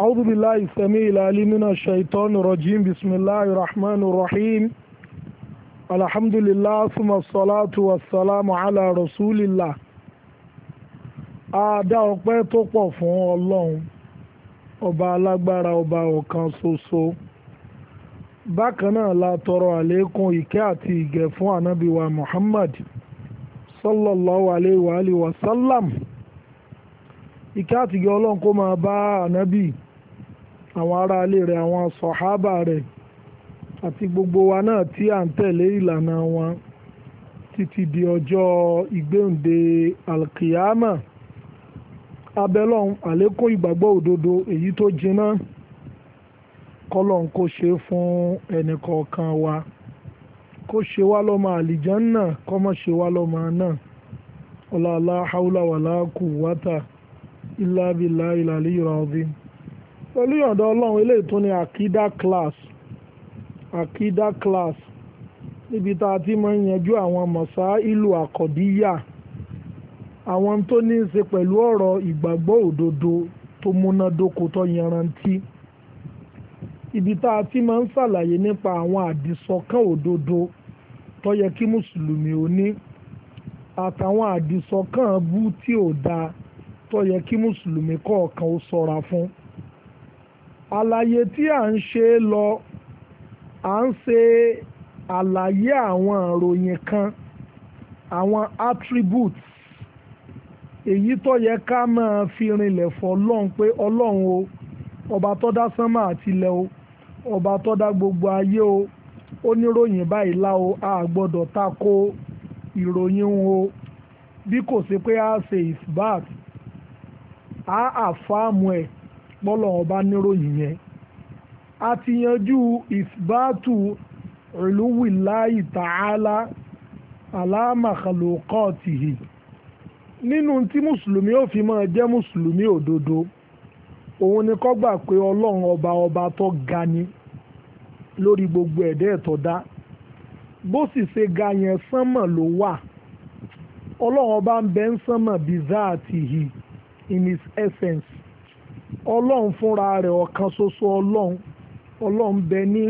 أعوذ بالله السميع العليم من الشيطان الرجيم بسم الله الرحمن الرحيم الحمد لله ثم الصلاة والسلام على رسول الله a dá ọpẹ́ tó pọ̀ fún Ọlọ́run ọba alágbára ọba ọ̀kan ṣoṣo bákan náà la tọrọ àlékún ìkẹ́ àti ìgẹ̀ fún ànábì wa Muhammad sallallahu alayhi wa sallam ìkẹ́ àti ìgẹ̀ Ọlọ́run kó máa bá ànábì. àwọn aráalé rẹ̀ àwọn sọ̀hábà rẹ̀ àti gbogbo wa náà tí à ń tẹ̀lé ìlànà wọn títí di ọjọ́ ìgbéǹde alkiyama abẹ́lọ́hún àlékún ìgbàgbọ́ òdodo èyí tó jiná kọ́lọ́n kó ṣe fún ẹnìkọ̀ọ̀kan wa kó ṣe wá lọ́mọ ṣe wá lọ́mọ náà pẹ̀lú ìyọ̀ǹda ọlọ́run eléyìí tún ní akida class akida class níbi tá a ti máa ń yanjú àwọn mọ̀sá ìlú àkọ́díyà àwọn tó ní í ṣe pẹ̀lú ọ̀rọ̀ ìgbàgbọ́ òdodo tó múnádóko tó yanrantí ibi tá a ti máa ń ṣàlàyé nípa àwọn àdìsọ́kàn òdodo tó yẹ kí mùsùlùmí ó ní àtàwọn àdìsọ́kàn bú tí ò dáa tó yẹ kí mùsùlùmí kọ̀ọ̀kan ó ṣọ́ra fún àlàyé tí à ń ṣe lọ à ń ṣe àlàyé àwọn ìròyìn kan àwọn attributes èyí tó yẹ ká máa fi rinlẹ̀ fọlọ́run pé ọlọ́run o ọba tó sánmà àtilẹ̀ o ọba tó dá gbogbo ayé o ó níròyìn báyìí láwo a gbọ́dọ̀ tako ìròyìn o bí kò sí pé a ṣe isbat a àfáàmù ẹ̀ pọ́lọ̀ ọba níròyìn yẹn a ti yanjú ìsbátù ìlúwìláì tààlà aláàmàkàlòkọ́ọ̀tìhì nínú tí mùsùlùmí ò fi máa jẹ́ mùsùlùmí òdodo òun ni kó gbà pé ọlọ́run ọba ọba tó ga ni lórí gbogbo ẹ̀dẹ́ ẹ̀tọ́ dá bó sì ṣe ga yẹn sánmọ̀ ló wà ọlọ́run ọba ń bẹ ń sánmọ̀ bí in his essence ọlọ́run fúnra rẹ̀ ọ̀kan ṣoṣo ọlọ́run ọlọ́run bẹ ní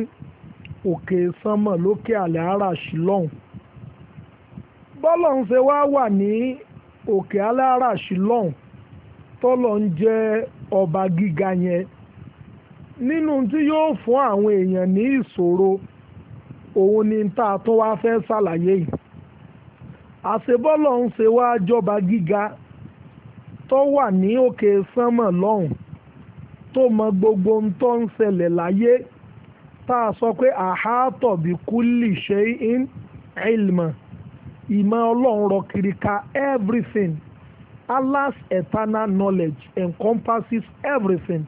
òkè sánmọ̀ lókè àlẹ́ àràṣì lọ́hùn bọ́lọ́run ṣe wá wà ní òkè àlẹ́ àràṣì lọ́hùn tọ́lọ́ ń jẹ́ ọba gíga yẹn nínú tí yóò fún àwọn èèyàn ní ìṣòro òun ni tá a tún wá fẹ́ ṣàlàyé yìí àṣebọ́lọ́run ṣe wá jọba gíga tó wà ní òkè sánmọ̀ lọ́hùn tó mọ gbogbo ohun tó ń ṣẹlẹ̀ láyé tá a sọ pé àhátọ̀ bí kúlì ṣe ń ilmọ̀ ìmọ̀ ọlọ́run rọ kiri ka everything Allah's eternal knowledge encompasses everything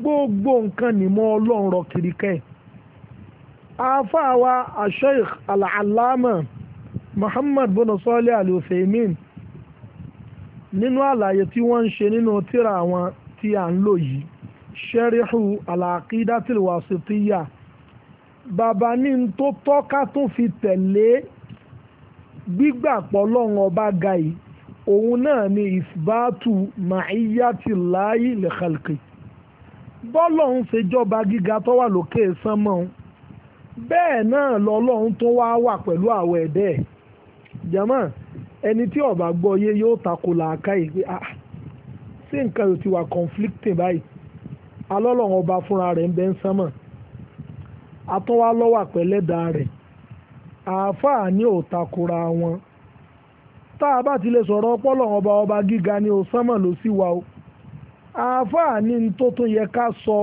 gbogbo nǹkan nìmọ̀ ọlọ́run rọ kiri ka ẹ̀ wa asheikh al-allama Muhammad bin Salih al-Uthaymin nínú àlàyé tí wọ́n ń ṣe nínú tírà àwọn tí à ń lò yìí ṣẹ́ríhù alàkídátìl wàsítíyà bàbá ní n tó tọ́ka tún fi tẹ̀lé gbígbàpọ̀ lọ́run ọba ga yìí òun náà ni ìsbátù màáyátì láàyè lẹ́kàlùkì bọ́lọ́run ṣe jọba gíga tó wà lókè sánmọ́ bẹ́ẹ̀ náà lọ́lọ́run tó wá wà pẹ̀lú àwọ̀ ẹ̀dẹ́ jama ẹni tí ọba gbọ́ yé yóò takò làákàyè pé ah ṣé nǹkan yóò ti wà conflicting báyìí ọba fúnra rẹ̀ ń bẹ ń sánmọ̀ atọ́wá lọ́wọ́ àpẹ́lẹ́dà rẹ̀ àáfàá ní òtakora wọn tá a bá ti lè sọ̀rọ̀ ọba ọba gíga ni ó o àáfàá ní tó tún yẹ ká sọ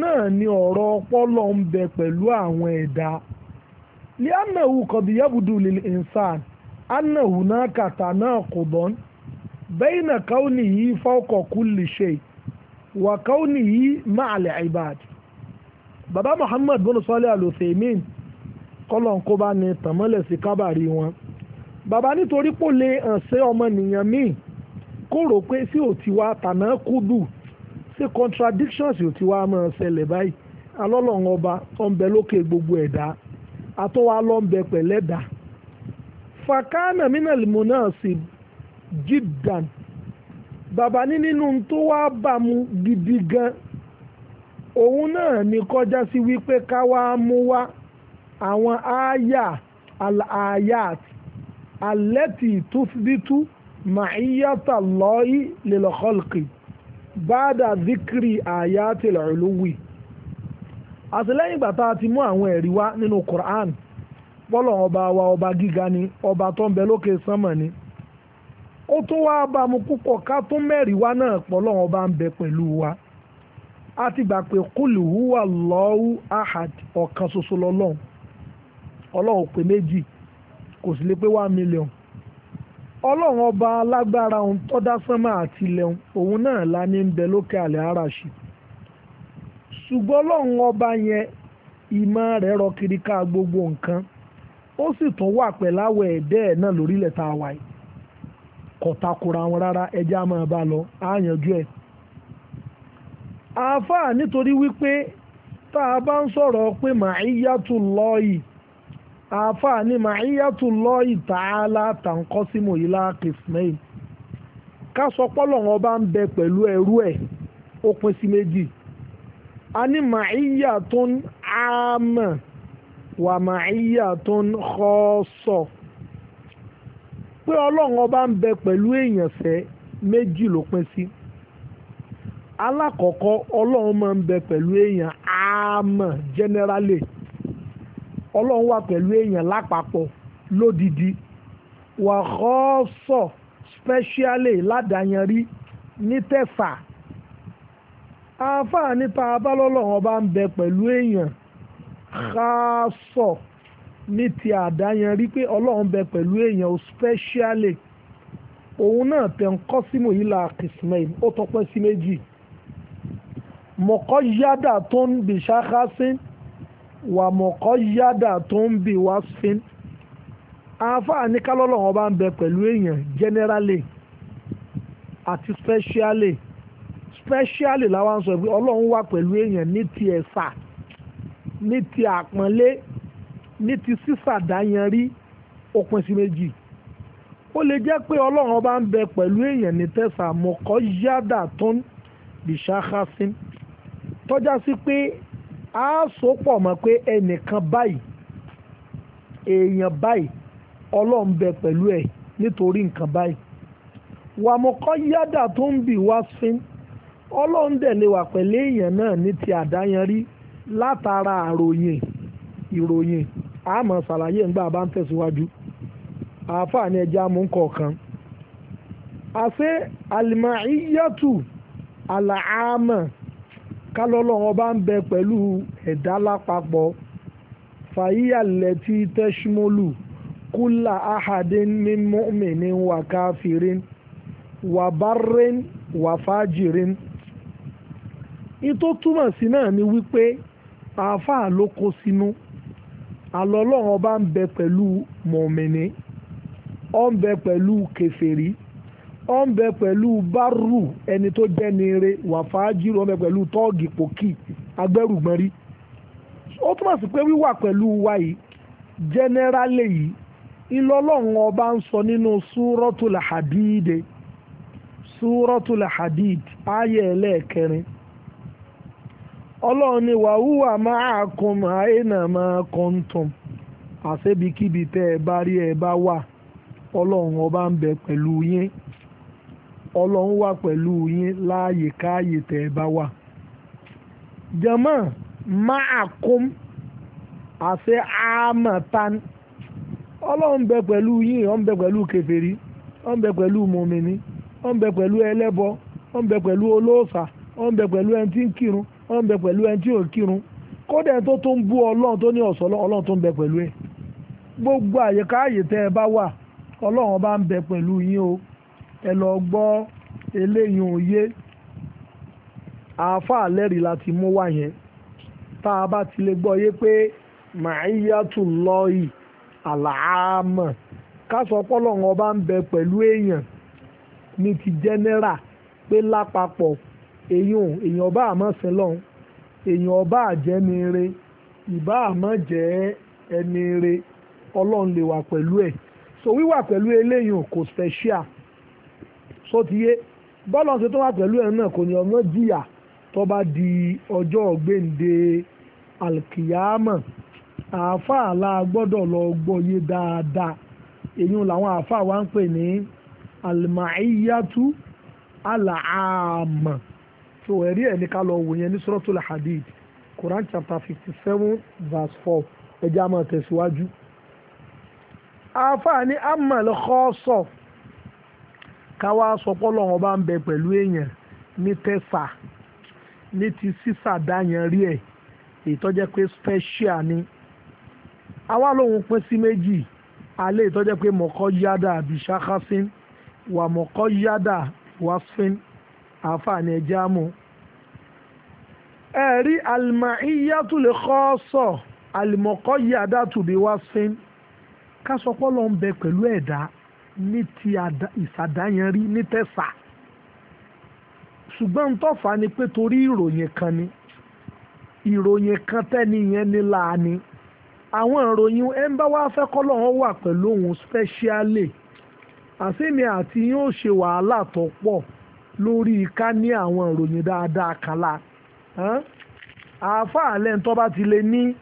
náà ni ọ̀rọ̀ ọpọ́lọ̀ ń bẹ pẹ̀lú àwọn ẹ̀dá kọ̀bíyàbùdù náà kàtà náà kò bayna kaunihi fawqa kulli shay wa kaunihi ma'al ibad baba muhammad bin salih al-uthaymin kọ́lọ̀ kó bá ní tàmọ́lẹ̀ sí kábàárì wọn baba nítorí pò lè hàn sí ọmọnìyàn míì kó rò pé sí òtí wa tànà kúdù sí contradictions òtí wa máa ṣẹlẹ̀ báyìí alọ́lọ́run ọba ọ̀nbẹ lókè gbogbo ẹ̀dá àtọ́wà lọ́nbẹ pẹ̀lẹ́dà fàkánà mínàlì mọ́nà sí i jiddan bàbá ní nínú tó wá bà mú gidi gan òun náà ní kọjá sí wípé ká wá mú wá àwọn àyà al-ayat allati tuthbitu ma'iyata Allahi lil khalqi bada zikri ayati al-uluwi àtìlẹ́yìn ìgbà tá a ti mú àwọn ẹ̀rí wá nínú Qur'an bọ́lọ̀ ọba wa ọba gíga ni ọba tó ń bẹ lókè sánmọ̀ ni ó tún wáá bá mu púpọ̀ ká tún mẹ́rin wá náà pọ̀ lọ́wọ́ bá ń pẹ̀lú wa a ti gbà pé kúlù húwà lọ́wọ́ ahad ọ̀kan ṣoṣo lọ́lọ́run ọlọ́run pé méjì kò sí lè pé ọlọ́run ọba alágbára ohun tó sánmà àti òun yẹn ìmọ̀ rẹ̀ rọ kiri gbogbo nǹkan ó sì tún wà pẹ̀láwọ̀ náà lórílẹ̀ kọ̀takura wọn rárá ẹjẹ́ a máa bá lọ á yanjú ẹ̀. àáfàá nítorí wípé tá a bá ń sọ̀rọ̀ pé màáyàtú lọ́ọ̀yì àáfàá ní màáyàtú lọ́ọ̀yì tààlà tàǹkọ́símù ìlà kìsmẹ́yì ká sọ pọ́lọ́run ọba ń bẹ pẹ̀lú ẹrú ẹ̀ ó pín sí méjì a ní màáyàtú àmà wà màáyàtú khassa pé ọlọ́run ọba ń bẹ pẹ̀lú èèyàn ṣe méjì ló pín sí alákọ̀ọ́kọ́ ọlọ́run máa ń bẹ pẹ̀lú èèyàn àmọ́ generally ọlọ́run wà pẹ̀lú èèyàn lápapọ̀ lódidi wà kọ́ọ̀sọ̀ specially ládàáyanrí ní àáfàá níta abálọ́lọ́run ọba ń bẹ pẹ̀lú èèyàn kásọ̀ ní ti àdáyan rí pé ọlọ́run bẹ pẹ̀lú èèyàn o specially òun náà tẹ̀ ń kọ́ símù yìí la kìsìmẹ́yìn ó tọpẹ́ sí méjì mọ̀kọ́ yádà tó ń bì ṣákásín wà mọ̀kọ́ yádà tó ń bì wásín àáfàá ní kálọ́lọ́run bá ń bẹ pẹ̀lú èèyàn generally àti specially specially làwọn sọ pé ọlọ́run wà pẹ̀lú èèyàn ní ti ẹ̀sà ní ti àpọ́nlé ní ti sísàdáyanrí ó pín sí méjì ó lè jẹ́ pé ọlọ́run bá ń bẹ pẹ̀lú èèyàn ní tẹ̀sán àmọ́kọ́ yádà tó ń bìṣáhásín tọ́já sí pé a sọ pọ̀ mọ́ pé ẹnìkan báyìí èèyàn báyìí ọlọ́run bẹ pẹ̀lú ẹ̀ nítorí nǹkan báyìí wàmọ́kọ́ yádà tó ń bì wá sín ọlọ́run dẹ̀ lè wà pẹ̀lú èèyàn náà ní ti àdáyanrí látara àròyìn ìròyìn àmọ́ ṣàlàyé ńgbà bá ń tẹ̀síwájú àáfàá ni ẹja mú kọ̀ọ̀kan àṣé àlìmáìyàtù àlàámà kálọ́lọ́wọ́ bá ń bẹ pẹ̀lú ẹ̀dá lápapọ̀ fàyíyàlẹ̀ tí tẹ́ṣmọ́lù kúlà ahadin min mu'minin wà káfírin wà bárẹ́n wà fájìrin ìtó túmọ̀ sí náà ni wípé àáfàá ló kó sínú. Si àlọ́ ọlọ́run ọba ń bẹ pẹ̀lú mọ̀mìnì ó ń bẹ pẹ̀lú kẹfẹ́rí ó ń bẹ pẹ̀lú bárù ẹni tó jẹ́ nire wàfáájírò ó ń bẹ pẹ̀lú tọ́ọ̀gì pòkì agbẹ́rùgbọ́nrí ó túmọ̀ sí pé wíwà pẹ̀lú wa yìí jẹ́nẹ́rálẹ̀ yìí ọba ń sọ nínú hadid hadid ayé ọlọ́run ni wàhùwà máa kún àìnà máa kún tún àṣebíkíbi tẹ́ ẹ bá rí ẹ bá wà ọlọ́run ọba ń bẹ pẹ̀lú yín ọlọ́run wà pẹ̀lú yín láàyè káàyè tẹ́ ẹ bá wà. máa kún àṣẹ ọlọ́run bẹ pẹ̀lú yín ń bẹ pẹ̀lú ń bẹ pẹ̀lú mọ̀mìnì ń bẹ ó ń bẹ pẹ̀lú ẹni tí ò kírun kódà tó tó ń bú ọlọ́run tó ní ọ̀sọ́ ọlọ́run tó ń bẹ pẹ̀lú ẹ gbogbo àyíká àyè tẹ́ ẹ bá wà ọlọ́run bá ń bẹ pẹ̀lú yín o ẹ lọ gbọ́ eléyìí òye àáfàá lẹ́rìí láti mú wá yẹn tá a bá ti lè gbọ́ yé pé màáyàtú lọ́ọ̀yì àlàámọ̀ ká sọ pọ́lọ́run ọba ń bẹ pẹ̀lú èèyàn ní ti jẹ́nẹ́rà pé lápapọ̀ èyàn èyàn ọba àmọ́ sin lọ́hùn èyàn ọba àjẹni re ìbá àmọ́ jẹ́ ẹni re ọlọ́run lè wà pẹ̀lú ẹ̀ so wíwà pẹ̀lú eléyìí kò special so ti yé bọ́ọ̀lù ṣe tó wà pẹ̀lú ẹ̀ náà kò ní ọmọ jìyà tó bá di ọjọ́ gbèǹde alkiyama àáfàá la gbọ́dọ̀ lọ gbọ́yé dáadáa èyí làwọn àáfàá wa ń pè ní alimaiyatu alaama. Al so ẹ̀rí ẹ̀ ní ká lọ wò yẹn ní suratul hadid quran chapter fifty seven verse four ẹjẹ́ a máa tẹ̀síwájú. àfààní amọ̀lẹ́ kọ́ sọ káwá sọpọ́ lọ́wọ́ bá ń bẹ pẹ̀lú èèyàn ní tẹ́sà ní ti sísà dáyẹn rí ẹ̀ èyí pé special ni àwa lòun pín sí méjì alẹ́ ìtọ́jẹ́ pé mọ̀kọ́ Yáda àbí ṣákásín wà mọ̀kọ́ Yáda wàsín. Wa àǹfààní ẹja mú ẹ̀rí alìmọ̀íyàtú lè kọ́ sọ alìmọ̀kọ́ yìí adátùbí wá sí ká sọ pé Ọlọ́hun ń bẹ pẹ̀lú ẹ̀dá ní ti ìsàdáyẹnrí ní tẹ̀sà ṣùgbọ́n ń tọ́fà ni pé torí ìròyìn kan ni ìròyìn kan tẹ́ni yẹn ní láàánú àwọn ìròyìn ẹ ń bá wà pẹ̀lú òun spẹ́ṣíálì àsìmí àti yóò ṣe wàhálà tó pọ̀ lórí ká ní àwọn ìròyìn dáadáa kan la àáfàá lẹ́yìn tó bá ti lè ní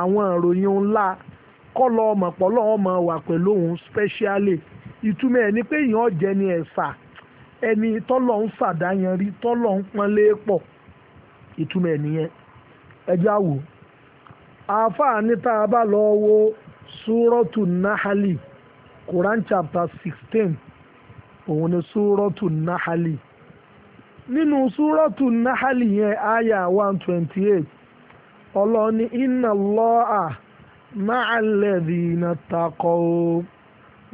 àwọn ìròyìn ńlá kọ́ lọ ọmọ pọ̀ ọmọ wà pẹ̀lú òun specially ìtumọ̀ ẹ̀ ni pé èèyàn jẹ́ ni ẹ̀sà ẹni tọ́lọ̀ ń ṣàdáyanrí tọ́lọ̀ ń lé pọ̀ ìtumọ̀ ẹ̀ nìyẹn ẹjọ́ àwò àáfàá ní tá a bá lọ wo súrọ́tù nahali Quran chapter sixteen òun ni súrọ́tù náhálì nínú súrọ́tù náhálì yẹn àyà one twenty eight ọlọ́ni iná lọ́à máa lẹ́dí iná takọ́ o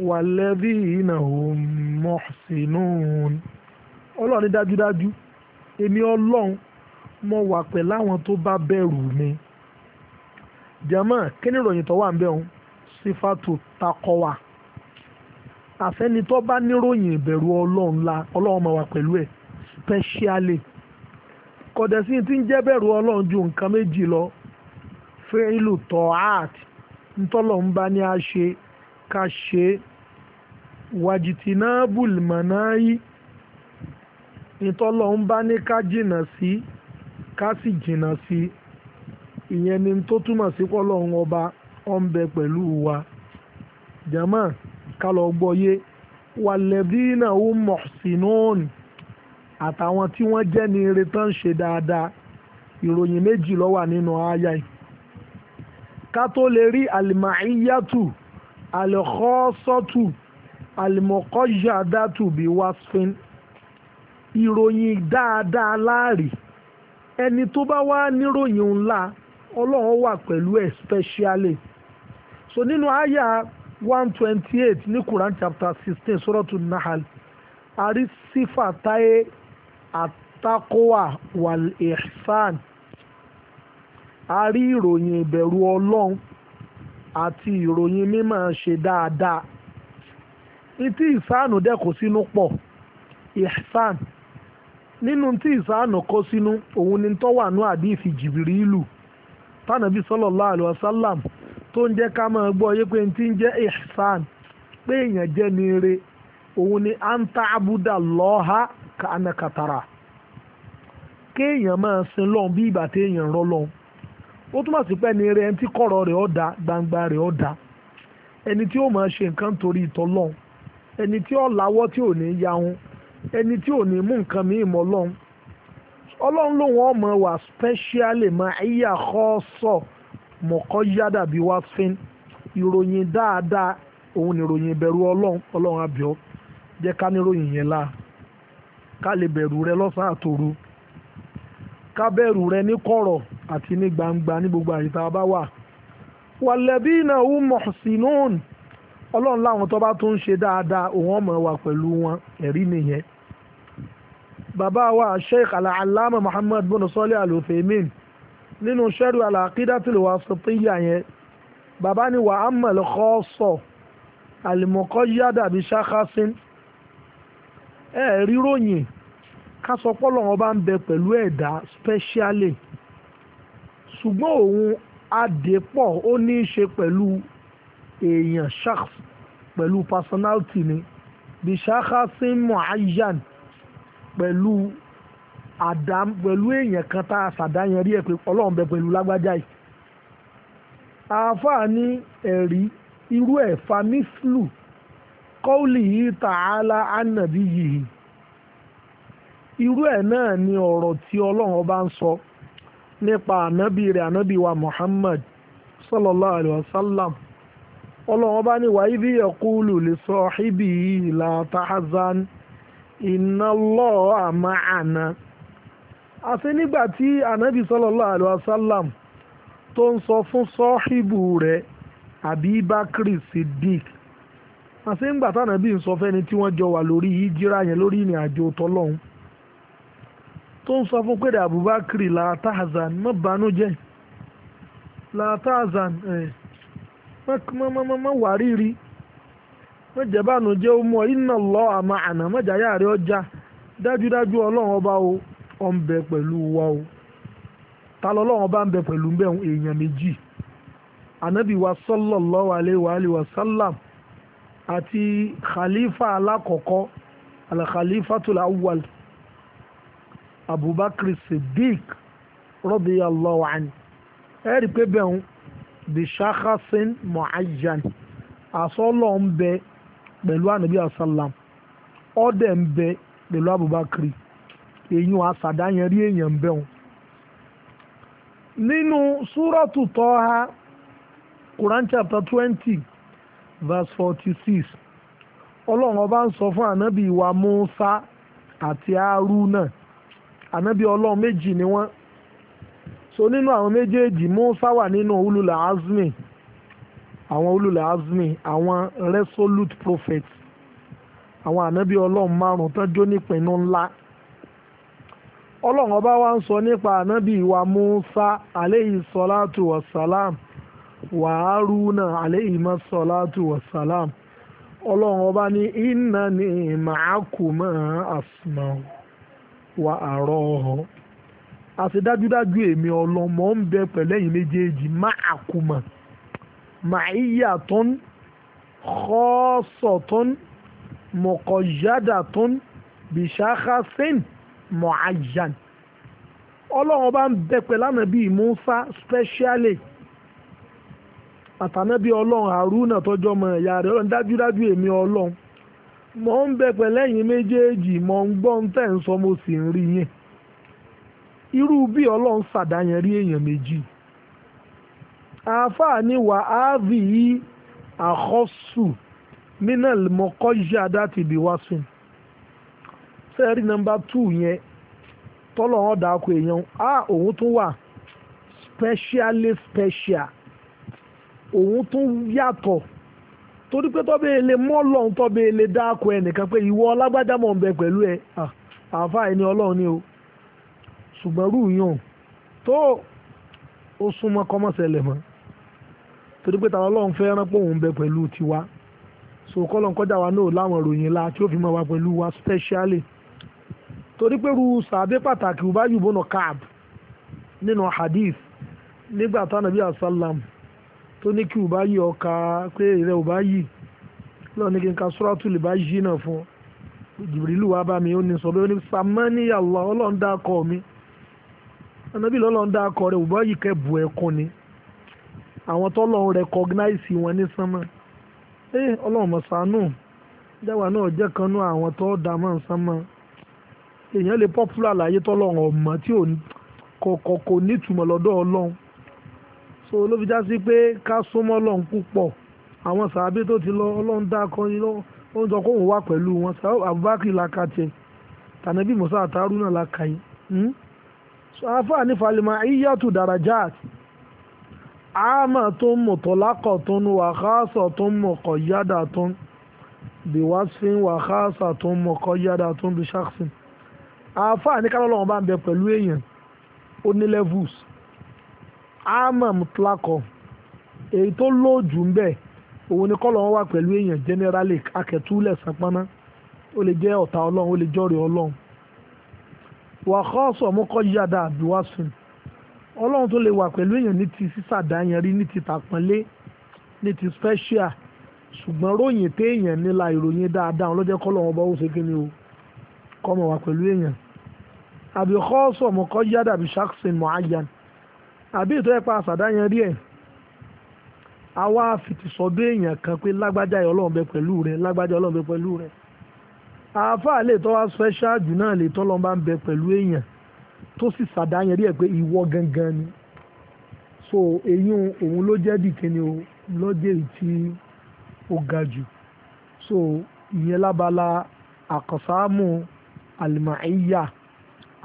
wà lẹ́dí iná òun mọ̀sínú ọlọ́ni dájúdájú èmi ọlọ́run mo wà pẹ̀lú láwọn tó bá bẹ̀rù mi jẹ́mọ́ kí ni ìròyìn tó wà ń bẹ̀ sífàtò takọ́ wa. àfẹ́ni tó bá níròyìn ìbẹ̀rù ọlọ́run la ọlọ́run máa wà pẹ̀lú ẹ̀ spẹ́ṣíálì kọ̀dẹ̀sí ń jẹ́ bẹ̀rù ọlọ́run ju nǹkan méjì lọ fẹ́ẹ́lù tọ́ art ntọ́lọ́run bá ní a ṣe ká ṣe wàjìtì náà bùlìmọ̀ náà yí ntọ́lọ́run bá ní ká jìnà ọba ń bẹ pẹ̀lú ká lọ gbọ́ yé wàlẹ́dínà ó mọ̀ sínúùnì àtàwọn tí wọ́n jẹ́ ní ire tán ń ṣe dáadáa ìròyìn méjì ló wà nínú àyà yìí ká tó lè rí àlìmáyàtù àlìkọ́sọ́tù àlìmọ̀kọ́yàdàtù bí wàsfin ìròyìn dáadáa láàrí ẹni tó bá wá níròyìn ńlá ọlọ́run wà pẹ̀lú ẹ̀ specially so nínú àyà 128 twenty eight ní Quran chapter sixteen sọ́rọ́tù nahal arisifa taye atakowa wal ihsan a rí ìròyìn ìbẹ̀rù ọlọ́run àti ìròyìn mímọ̀ ṣe dáadáa ìtí ìsáànù dẹ̀ kó sínú pọ̀ ihsan nínú tí ìsáànù kó sínú òun ni tó ní àdìsí jìbìrì ìlú tánàbí sallallahu alaihi tó ń jẹ́ ká máa gbọ́ yé pé ti ń jẹ́ ihsan pé èèyàn jẹ́ ni ire òun ni à ń ta àbúdà lọ́ha kàánà kàtàrà kéèyàn máa sin lọ́hùn bí ìgbà téèyàn rọ́ lọ́hùn ó túmọ̀ sí pé ni re ẹni tí kọ̀rọ̀ rẹ̀ ọ́ da gbangba rẹ̀ ọ́ da ẹni tí ó máa ṣe nǹkan torí ìtọ́lọ́hùn ẹni tí ó láwọ́ tí ò ní ya hun ẹni tí ò ní mú nǹkan míì mọ́ lọ́hùn ọlọ́run lòun ọmọ wa ma sọ̀ so mọ̀kọ́ yádà bíi wá fín ìròyìn dáadáa òun ni ìròyìn ìbẹ̀rù ọlọ́run ọlọ́run àbíọ́ jẹ́ ká níròyìn yẹn la ká lè bẹ̀rù rẹ lọ́sàn àtòru ká bẹ̀rù rẹ ní kọ̀rọ̀ àti ní gbangba ní gbogbo àyíká bá wà. wàlẹ́bí náà ń mọ̀ sínú ọlọ́run láwọn tó bá tún ń ṣe dáadáa òun ọmọ wa pẹ̀lú wọn ẹ̀rí nìyẹn. bàbá wa sheikh alaalaama muhammad bin sọ́lé al-Uthaymin nínú sẹ́rù al-aqidatul wasitiyya yẹn bàbá ni wà á mọ̀lẹ́ kọ́ sọ àlìmọ̀kọ́ yá dàbí ṣákásín ẹ ríròyìn ká sọ pọ́lọ́ wọn bá ń bẹ pẹ̀lú ẹ̀dá spẹ́ṣíálì ṣùgbọ́n òun adépọ̀ ó ní í ṣe pẹ̀lú èèyàn ṣáks pẹ̀lú personality ni bí ṣákásín mu'ayyan pẹ̀lú àdá pẹ̀lú èèyàn kan tá a ṣàdáyàn rí ẹ̀ pé ọlọ́run bẹ pẹ̀lú lágbájá yìí àáfàá ní ẹ̀rí irú ẹ̀ famíflù kọ́ọ̀lì yìí tààlà ànàbí yìí irú ẹ̀ náà ni ọ̀rọ̀ tí ọlọ́run bá ń sọ nípa ànábì rẹ̀ ànábì Muhammad sallallahu alayhi wa sallam ọlọ́run ní ibi àti nígbà tí anabi sallallahu alaihi wasallam tó ń sọ fún sọ́ọ́hìbù rẹ̀ àbí bakri siddiq àti nígbà tánàbí ń sọ fẹ́ni tí wọ́n jọ wà lórí hijira yẹn lórí ìrìn àjò tọ́lọ́hún tó ń sọ fún pé abubakar la má banújẹ́ la tahzan má wàrírí má jẹ́ bánújẹ́ ó mọ inna Allah ma'ana má jàyà rẹ̀ ọjà dájúdájú ọlọ́run ọba o ọ ń bẹ pẹ̀lú wa o ta lọ́lọ́run bá ń bẹ pẹ̀lú bẹ́ẹ̀ èèyàn méjì anabi wa sallallahu alayhi wa alayhi wa sallam àti khalifa alakọ̀kọ́ alakhalifatul awwal abubakar siddiq radiyallahu anhu ẹ rí i pé bẹ́ẹ̀ bishakhasin mu'ayyan àsọlọ́ ń bẹ pẹ̀lú anabi asalam ọ̀dẹ̀ ń bẹ pẹ̀lú abubakar èyún àsàdáyẹn rí èèyàn bẹ́ẹ̀ o nínú súrọ́tù tọ́ha Quran chapter twenty verse forty six ọlọ́run ọba ń sọ fún ànábì wa Musa àti Haruna ànábì ọlọ́run méjì ni wọ́n so nínú àwọn méjèèjì Musa wà nínú ulula azmi àwọn ulula azmi àwọn resolute prophets àwọn ànábì ọlọ́run márùn-ún tán jó nípinnu ńlá ọlọ́run ọba wa ń sọ nípa ànábì wa musa aleyhi sọláàtù wasalam wa haruna aleyhi masalatu wasalam ọlọ́run ọba ní iná ní màákùmá àsùnmá wa àrọ́ ọ̀họ́ àti dájúdájú èmi ọlọ́mọ ń bẹ pẹ̀lẹ́yìn méjèèjì màákùmá màáyàtọ́n kọ́sọ̀tọ́n mọ̀kọ̀yádàtọ́n bìṣáhásẹ́ni mu'ayyan ọlọ́run bá ń bẹ pẹ̀lú ànábì Musa specially àtànábì ọlọ́run Haruna tọjọ́ mọ ìyá rẹ̀ ọlọ́run dájúdájú èmi ọlọ́run mò ń bẹ pẹ̀lú ẹ̀yin méjèèjì mò ń gbọ́ ń tẹ̀ ń sọ mo sì ń rí yẹn irú bí ọlọ́run ṣàdáyẹn rí èèyàn méjì àáfàá ni wà áàvì yìí àkọ́sù mínà mọ́kọ́ yíyá dá ti bí wá sùn sẹ́ẹ̀rí nọmba two yẹn tọ́lọ̀ wọn dà kó èèyàn á òun tún wà specially special òun tún yàtọ̀ torí pé tọ́bẹ̀ èlé mọ́ lọ́hún tọ́bẹ̀ èlé dáko ẹnìkan pé ìwọ ọlágbájá mọ̀ ń bẹ pẹ̀lú ẹ àáfàá ẹni ọlọ́run ni o ṣùgbọ́n rú yàn tó ó súnmọ́ kọ́mọ́sẹ̀lẹ̀ mọ́ torí pé tàwọn ọlọ́run fẹ́ rán pé òun ń bẹ pẹ̀lú tiwa so kọ́lọ́n kọjá wa náà láwọn ìròyìn la tí ó fi mọ́ wa pẹ̀lú wa specially torí pé ru sàbẹ pàtàkì ò bá yùbọ nà káàb nínú hadith nígbà tá nàbí asalam tó ní kí ò bá yí ọkà pé ìrẹ ò bá yí lọ́ọ̀ ní kí n ka sọ́ràtù lè bá yí náà fún jìbìrìlù wa bá mi ó ní sọ bẹ́ẹ̀ ó ní sàmánìyàlá ọlọ́run dá akọ mi ànábì lọ́lọ́run dá akọ rẹ ò bá yí kẹ́ bu ẹ̀kún ni àwọn tọ́lọ́run rẹkọgnáìsì wọn ní sánmọ́ ẹ eh, ọlọ́run mọ̀ sánú náà jẹ́ kanú àwọn tó dá mọ́ sánmọ́ èèyàn lè popular láyé tọ́lọ́run ọmọ tí ò kọ̀kọ̀ kò nítumọ̀ lọ́dọ̀ ọlọ́run so ló fi já sí pé ká súnmọ́ ọlọ́run púpọ̀ àwọn sàábé tó ti lọ ọlọ́run dákọ́ ó ń sọ kóun wà pẹ̀lú wọn Abubakar làkàtẹ tànàbí Musa àtàrú náà làkàyè hmm? so afa ní falima iyatu darajat ama tó ń mọ̀ tọ́lákọ̀ tó ń wà káàsọ̀ tó ń mọ̀ kọ̀ yádà tó ń bí wàásù wà káàsọ̀ tó ń mọ̀ kọ̀ yádà tó ń bí ṣáàsìn àáfàá ní kálọ́lọ́ wọn bá ń bẹ pẹ̀lú èèyàn ó ní levels amam tlakọ èyí tó lóòjù ń bẹ òun ni kọ́lọ́ wọn wà pẹ̀lú èèyàn generally akẹ́túlẹ̀ sanpaná ó lè jẹ́ ọ̀tá ọlọ́run ó lè jọ́rẹ̀ ọlọ́run wàhọ́sọ̀ mú kọ́ yíyàdá àbíwáṣùn ọlọ́run tó lè wà pẹ̀lú èèyàn ní ti sísàdáyẹnrí ní ti tàpọ́nlé ní ti special ṣùgbọ́n ròyìn téèyàn nílà ìròyìn dáadáa ọlọ́jẹ́ kọ́lọ́run ọba ó ṣe kí ni o kọ́mọ wà pẹ̀lú èèyàn àbí kọ́ọ̀sọ̀ ọmọ kọ́ yá dàbí ṣáksìn mọ̀áyàn àbí ìtọ́ ẹ̀pá àṣàdá yẹn rí ẹ̀ àwa fìtì sọ́dọ̀ èèyàn kan pé lágbájá ọlọ́run bẹ pẹ̀lú rẹ lágbájá ọlọ́run bẹ pẹ̀lú rẹ àáfàá lè tọ́ wá sọ ẹ́ ṣáájú náà lè tọ́ lọ́n bá ń bẹ pẹ̀lú èèyàn tó sì ṣàdá rí ẹ̀ pé ìwọ gangan ni so èyí òun ló jẹ́ dìkẹ́ni o lọ́jẹ́ tí ó ga jù so ìyẹn lábala àkànṣámù àlìmáìyà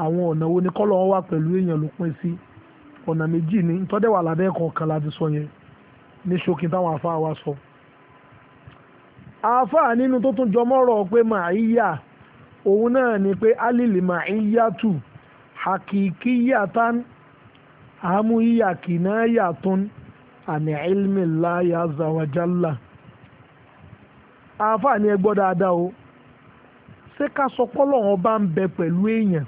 àwọn ọ̀nà wo ni kọ́lọ́ wà pẹ̀lú èèyàn ló pín sí ọ̀nà méjì ni ntọ́dẹ̀ wà lábẹ́ kọ̀ọ̀kan láti sọ yẹn ní ṣókí táwọn àfáà wa sọ. àfáà nínú tó tún jọmọ́rọ̀ pé òun náà ni pé tù tán tún ilmi láyà o. ṣé ká sọ pọ́lọ́run bá ń bẹ pẹ̀lú èèyàn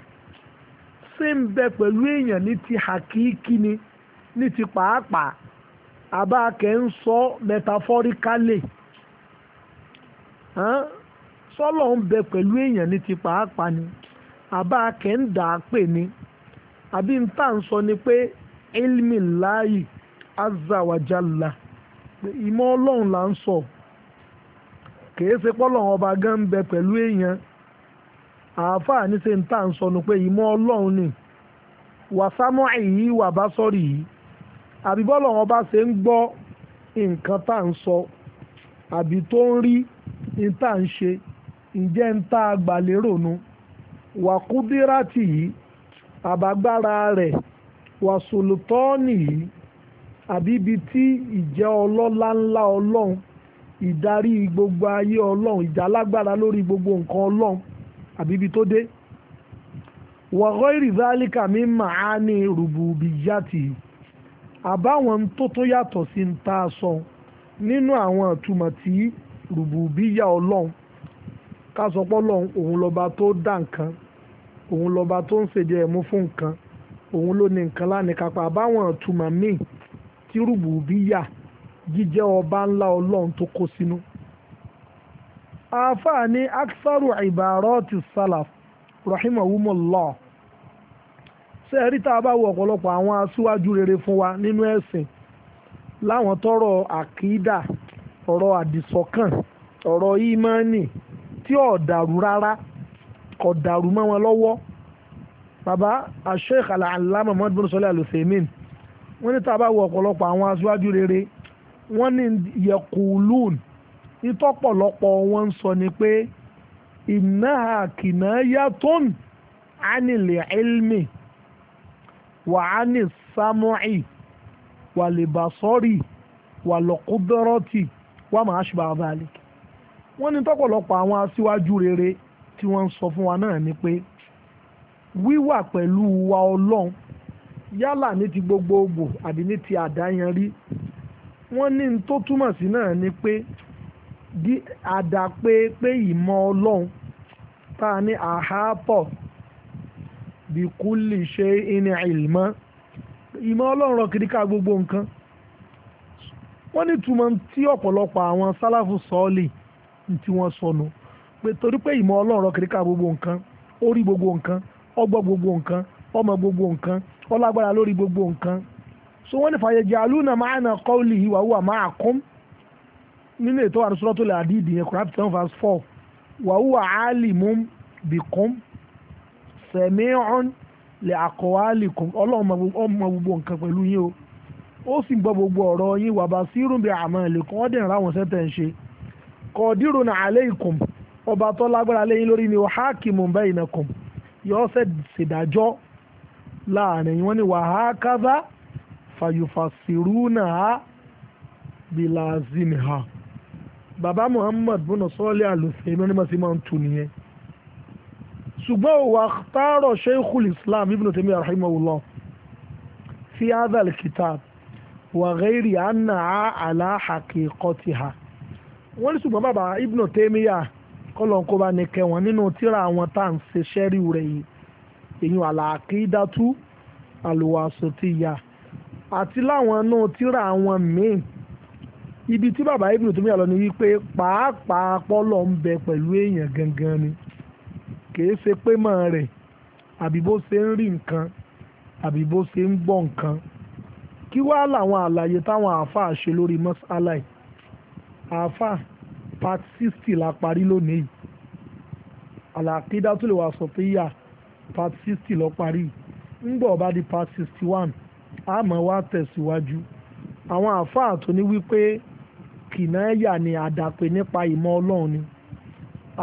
ṣé ń bẹ pẹ̀lú èèyàn ní ti hakíkí ni ní ti pàápàá àbákẹ́ ń sọ metaphorically sọ́lọ̀ ń bẹ pẹ̀lú èèyàn ní ti pàápàá ni àbákẹ́ ń dà á pè ní ilmi láàyè ìmọ̀ ọlọ́run là ọba gan ń bẹ pẹ̀lú àáfàá ní ṣe ń tà ń sọnù pé ìmọ̀ ọlọ́run ni wàsámọ́ èyí wà bá sọ́rí yìí àbí bọ́lọ̀ wọn bá ṣe ń gbọ́ nǹkan tá à ń sọ àbí tó ń rí ní tá à ń ṣe ǹjẹ́ ń tá a gbà lérò nu wàkúdírátì yìí àbágbára rẹ̀ wàsòlùtọ́ọ̀nì yìí àbí ibi tí ìjẹ́ ọlọ́lá ọlọ́run ìdarí gbogbo ayé ọlọ́run ìjà lágbára lórí gbogbo nǹkan ọlọ́run àbíbi tó dé wọ̀rọ̀ ìrìzálíkà mi máa ní rùbùbíyàtì àbáwọn tó tó yàtọ̀ sí ń tá a sọ nínú àwọn àtúmọ̀ tí rùbùbíyà ọlọ́run ká sọ pé ọlọ́run òun lọ́ba tó dá nǹkan òun lọ́ba tó ń ṣèdí ẹ̀mú fún nǹkan òun ló ní nǹkan lánìkápá àbáwọn àtúmọ̀ míì tí rùbùbíyà jíjẹ́ ọba ńlá ọlọ́run tó kó sínú àáfàá ní aksaru ibaroti salaf rahimahumullah ṣe rí tá a bá wo ọ̀pọ̀lọpọ̀ àwọn aṣíwájú rere fún wa nínú ẹ̀sìn láwọn tọrọ àkídà ọ̀rọ̀ àdìsọ́kàn ọ̀rọ̀ ìmánì tí ò dàrú rárá kò dàrú mọ́ wọn lọ́wọ́ bàbá Sheikh al-Allama Muhammad bin Salih al-Uthaymin ní tá bá wo ọ̀pọ̀lọpọ̀ àwọn aṣíwájú rere wọ́n ní yẹkùlùún ìtọ́pọ̀lọpọ̀ wọn ń sọ ni pé ìnáhà kìnà yàtọ̀n ánìlẹ̀ ilmi wà ánì sámúì wà lìbàsọ́rì wà lọ́kúdọ́rọ́tì wà máa ṣe bàbá àlè wọ́n ní tọ́pọ̀lọpọ̀ àwọn aṣíwájú rere tí wọ́n ń sọ fún wa náà ni pé wíwà pẹ̀lú wa ọlọ́run yálà ní ti gbogbogbò àbí ní ti àdáyanrí wọ́n ní tó túmọ̀ sí náà ni pé àdàpé pé ìmọ̀ ọlọ́run tá a ní àhápọ̀ bìkúlì ṣe ìní ìlmọ́ ìmọ̀ ọlọ́run rọ ká gbogbo nǹkan wọ́n ní túmọ̀ tí ọ̀pọ̀lọpọ̀ àwọn sálàfù sọ́ọ̀lì tí wọ́n sọnù pé torí pé ìmọ̀ ọlọ́run rọ ká gbogbo nǹkan ó rí gbogbo nǹkan ó gbọ́ gbogbo nǹkan ó mọ̀ gbogbo nǹkan ó lágbára lórí gbogbo nǹkan so wọ́n ní fàyẹ̀jẹ̀ alúnà máa nà kọ́ọ̀lì ìwà wà máa kún nínú ètò àrùsọ́rọ́ tó lè àdídì yẹn Quran ten verse four wàhùwà alimun bikum sẹ̀míọ́n lè àkọ́wá alikum ọlọ́run ọmọ gbogbo nǹkan pẹ̀lú yín o ó sì gbọ́ gbogbo ọ̀rọ̀ yín wà bá sí irúgbìn àmọ́ ẹ̀lẹ́kùn ọ̀dẹ̀ ńlá sẹ́tẹ̀ ń ṣe kọ̀ọ̀dírò náà aleikum ọba tó lágbára lẹ́yìn lórí ni hakimu bainakum yọ ṣe ṣèdájọ́ láàrin wọn ni wàhákàdá fàyòfàṣìrú náà bìlàzìmìhàn bàbá muhammad bùnà sọ́ọ́lẹ̀ àlùfẹ́ ìmọ̀ nímọ̀ sí máa ń tu nìyẹn ṣùgbọ́n wà tààrọ̀ sheikhul islam ibn taymiyyah rahimahullah fi hadha al-kitab wa ghairi anna ala haqiqatiha wọ́n ní ṣùgbọ́n bàbá ibn taymiyyah kọ́lọ̀ kó bá ní kẹwọn nínú tíra àwọn tá à ń ṣe ṣẹ́rí rẹ̀ yìí èyí al-aqidatu al-wasitiyah àti láwọn inú tíra àwọn míì ibi tí bàbá ibùdó tó mìíràn lọ ni wípé pàápàá pọ́lọ̀ ń bẹ pẹ̀lú èèyàn gangan ni kìí ṣe pé mọ́ rẹ̀ àbí bó ṣe ń rí nǹkan àbí bó ṣe ń gbọ́ nǹkan kí wá làwọn àlàyé táwọn àáfàá ṣe lórí mọ́sálà àáfàá part sixty la parí lónìí àlàkídá tó lè wà sọ pé yà part sixty lọ parí ńgbọ̀ ọba di part sixty one àmọ́ wá tẹ̀síwájú àwọn àáfàá tó ní wípé kìnnáyà ni àdàpè nípa ìmọ̀ ọlọ́run ni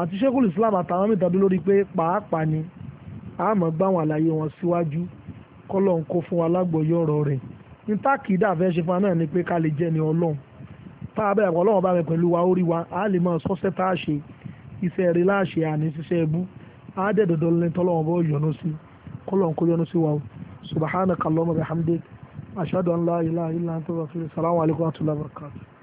àti ṣékùlù islam àtàwọn mìtàdún lórí pé pàápàá ni àmọ́ gbá wọn àlàyé wọn síwájú kọ́lọ́n kó fún wa lágbòóyọ̀ ọ̀rọ̀ rẹ̀ ní tákìdá fẹ́ ṣe fún wa náà ni pé ká lè jẹ́ ni ọlọ́run tá a bẹ̀rẹ̀ pọ̀ ọlọ́run bá mi pẹ̀lú wa ó rí wa á lè máa sọ́sẹ́ tá a ṣe iṣẹ́ rí láàṣẹ àní ṣiṣẹ́ ẹbú á dẹ̀ dọ̀dọ̀ lẹ́ni tọ́lọ́run bọ́ yọ́nú sí kọ́lọ́n assalamu alaykum wa rahmatullahi wa barakatuh